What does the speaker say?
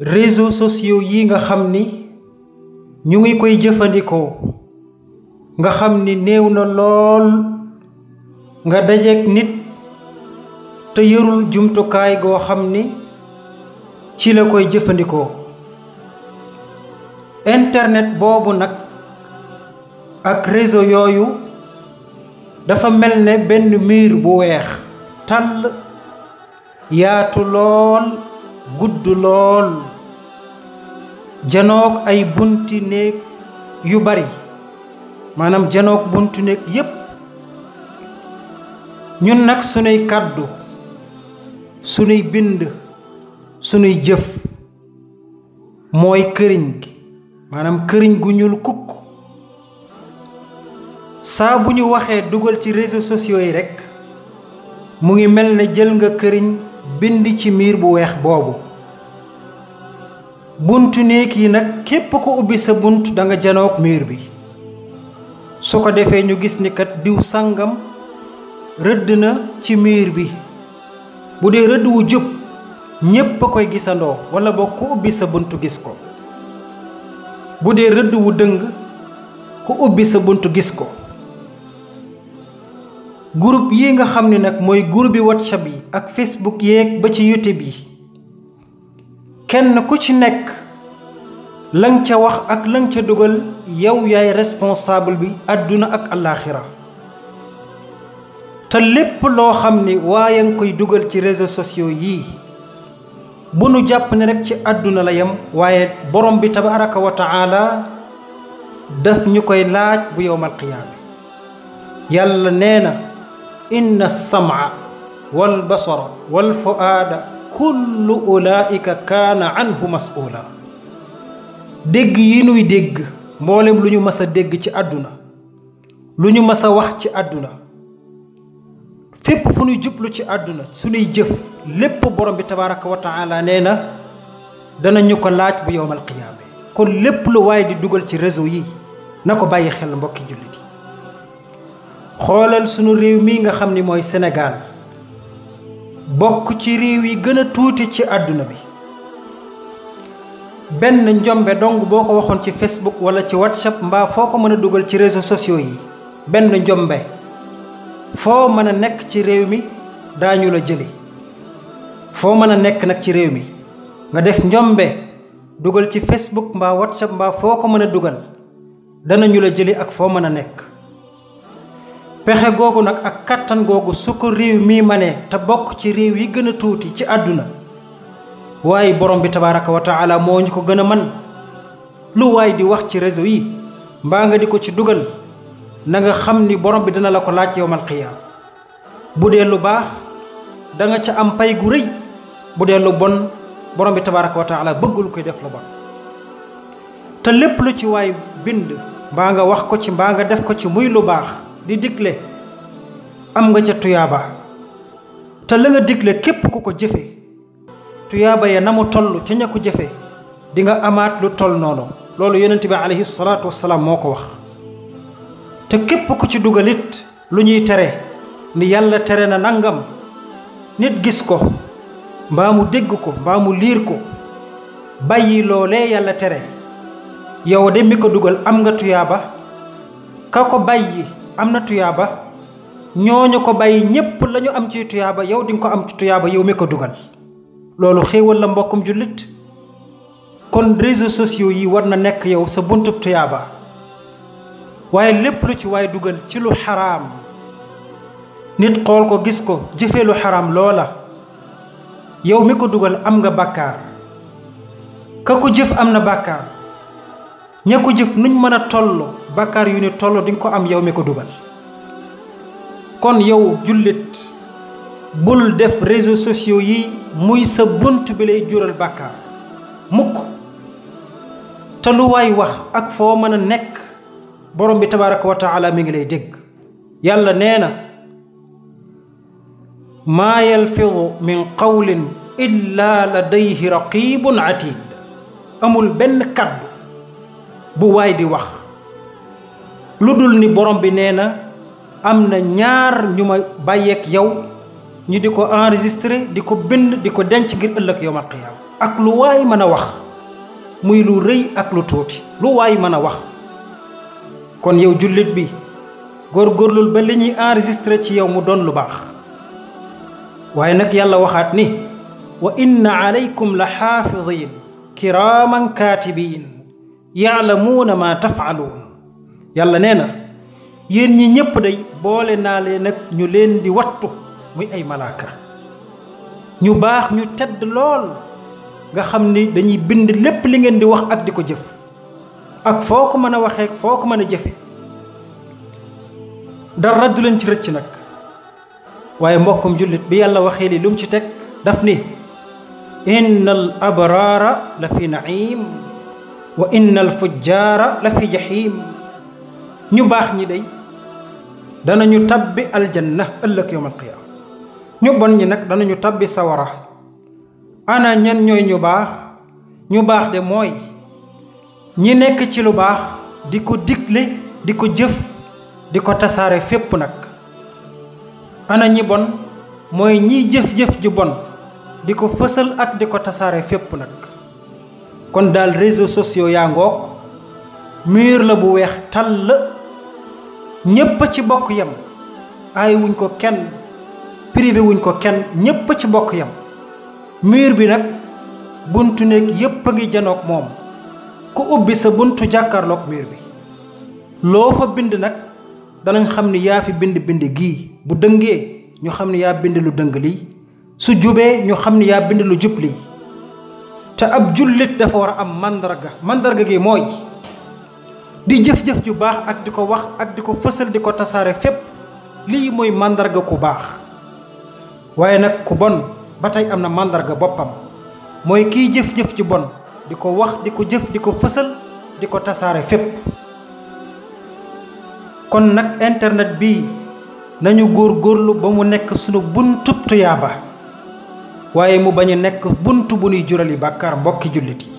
réseau sociaux yi nga xam ni ñu ngi koy jëfandikoo nga xam ni néew na lool nga dajeek nit te yërul jumtukaay goo xam ni ci la koy jëfandikoo internet boobu nag ak réseau yooyu dafa mel ne benn mur bu weex tàll yaatu lool gudd lool janook ay bunti néeg yu bari maanaam janoog bunti néeg yépp ñun nag sunuy kàddu sunuy bind sunuy jëf mooy këriñ gi maanaam këriñ gu ñuul kukk saa bu ñu waxee dugal ci réseaux sosiyo yi rekk mu ngi mel ne jël nga këriñ bind ci miir bu weex boobu buntu néeg yi nag képp ko ubbi sa bunt danga nga janoog miir bi su ko defee ñu gis ni kat diw sàngam rëdd na ci miir bi bu dee rëdd wu jub ñépp a koy gisandoo wala boo ku ubbi sa bunt gis ko bu dee rëdd wu dëng ku ubbi sa bunt gis ko groupe yi nga xam ni nag mooy groupe bi whatsapp yi ak facebook yeeg ba ci youtube yi kenn ku ci nekk lang ca wax ak lang ca dugal yow yaay responsable bi àdduna ak àllaaxira te lépp loo xam ne waaye nga koy dugal ci réseaux sociaux yii bu nu jàpp ne rekk ci àdduna la yam waaye borom bi tabaaraka wa taala daf ñu koy laaj bu yow qiyaama yàlla nee na إن السمع والبصر والفؤاد كل أولئك كان عنه مسؤولا dégg yi nuy dégg mboolem lu ñu mës a dégg ci àdduna lu ñu mës a wax ci àdduna fépp fu ñuy jublu ci àdduna suñuy jëf lépp borom bi tabaraka wa taala nee na danañu ko laaj bu yowmal qiyaame kon lépp lu waaye di dugal ci réseau yi na ko bàyyi xel mbokki jullit yi xoolal sunu réew mii nga xam ni mooy senegaal bokk ci réew yi gën a tuuti ci àdduna bi benn njombe dong boo ko waxoon ci Facebook wala ci WhatsApp mbaa foo ko mën a dugal ci réseaux sociaux yi benn njombe foo mën a nekk ci réew mi daañu la jëli foo mën a nekk nag ci réew mi nga def njombe dugal ci Facebook mbaa WhatsApp mbaa foo ko mën a dugal danañu la jëli ak foo mën a nekk pexe googu nag ak kattan googu su ko réew mii manee te bokk ci réew yi gën a tuuti ci àdduna waaye borom bi tabaaraka wa moo ñu ko gën a man lu waay di wax ci réseau yi mbaa nga di ko ci dugal na nga xam ni borom bi dina la ko laaj yowmal qiyaam bu dee lu baax danga nga ca am pay gu rëy bu dee lu bon borom bi tabaaraka wa taala bëggul koy def lu bon te lépp lu ci waay bind mbaa nga wax ko ci mbaa nga def ko ci muy lu baax di digle am nga ca tuyaaba te la nga digle képp ku ko jëfe tuyaaba ya na mu toll ca ña ko jëfe di nga amaat lu toll noonu loolu yonent bi alayhi salaatu wasalaam moo ko wax te képp ku ci dugalit lu ñuy tere ni yàlla tere na nangam nit gis ko mbaa mu dégg ko mbaa mu liir ko bàyyi loolee yàlla tere yow de mi ko dugal am nga tuyaaba ka ko bàyyi am na tuyaaba ñooñu ko bàyyi ñépp lañu am ci tuyaaba yow di nga ko am ci tuyaaba yow mi ko dugal loolu xéewal la mbokkum jullit kon réseaux sociaux yi war na nekk yow sa buntub tuyaaba waaye lépp lu ci waaye dugal ci lu xaraam nit xool ko gis ko jëfee lu xaraam loola yow mi ko dugal am nga bàkkaar ka ko jëf am na bàkkaar ña ko jëf nuñ mën a toll bakar yu ne toll ding ko am yow me ko dubal kon yow julit bul def réseaux sociaux yi muy sa buntu bi lay jural bakar mukk te lu wax ak fo meuna nek borom bi tabaraka wa taala mi ngi lay deg yàlla neena na maa yalfidu min qawlin illa ladayhi raqibun atid amul benn kàddu bu di wax ludul ni borom bi neena amna ñaar ñuma ma bàyyeeg yow ñu diko enregistrer diko bind diko denc ngir ëlëk yowmal qiyaama ak lu way mëna wax muy lu reuy ak lu tuuti lu way mëna wax kon yow julit bi gorlul ba li ñuy enregistré ci yow mu don lu bax waye nak yàlla waxat ni wa inna alaykum la xaafidin kiraaman kaatibiin ma taf'alun yàlla nee na yéen ñi ñëpp day boole naa leen nag ñu leen di wattu muy ay malaaka ñu baax ñu tedd lool nga xam ni dañuy bind lépp li ngeen di wax ak di ko jëf ak foo ko mën a waxee foo ko mën a jëfe dara du leen ci rëcc nag waaye mbokkum jullit bi yàlla waxee li lu ci teg daf ni inna al abraara la fi naim wa inna al fujjaara la fi jahim ñu bax ñi day danañu tabbi aljanna ëllëg yowmal qiyam ñu bon ñi dana danañu tabbi sawara ana ñan ñoy ñu bax ñu bax de moy ñi nekk ci lu bax di diklé diko jëf di ko fep nak ana ñi bon moy ñi jëf-jëf ju bon di fessel ak di ko fep nak kon dal réseaux sociaux ya ngok mur la bu tal ñépp a ci bokk yem aay wuñ ko kenn privé wuñ ko kenn ñépp a ci bokk yam mur bi nag buntu néeg yépp a ngi janoog moom ku ubbi sa buntu jàkkarlook mur bi loo fa bind nag danañ xam ni yaa fi bind bind gii bu dëngee ñu xam ni yaa bind lu dëng lii su jubee ñu xam ni yaa bind lu jub lii te ab jullit dafa war a am màndarga màndarga gi mooy di jëf-jëf ju baax ak di ko wax ak di ko fësal di ko tasaare fépp lii mooy mandarga ku baax waaye nag ku bon ba tey am na màndarga boppam mooy jëf-jëf ju bon di ko wax di ko jëf di ko fësal di ko kon nag internet bi nañu góor-góorlu ba mu nekk sunu buntub tuyaaba waaye mu bañ a nekk bunt jurali bàkkaar mbokki jullit yi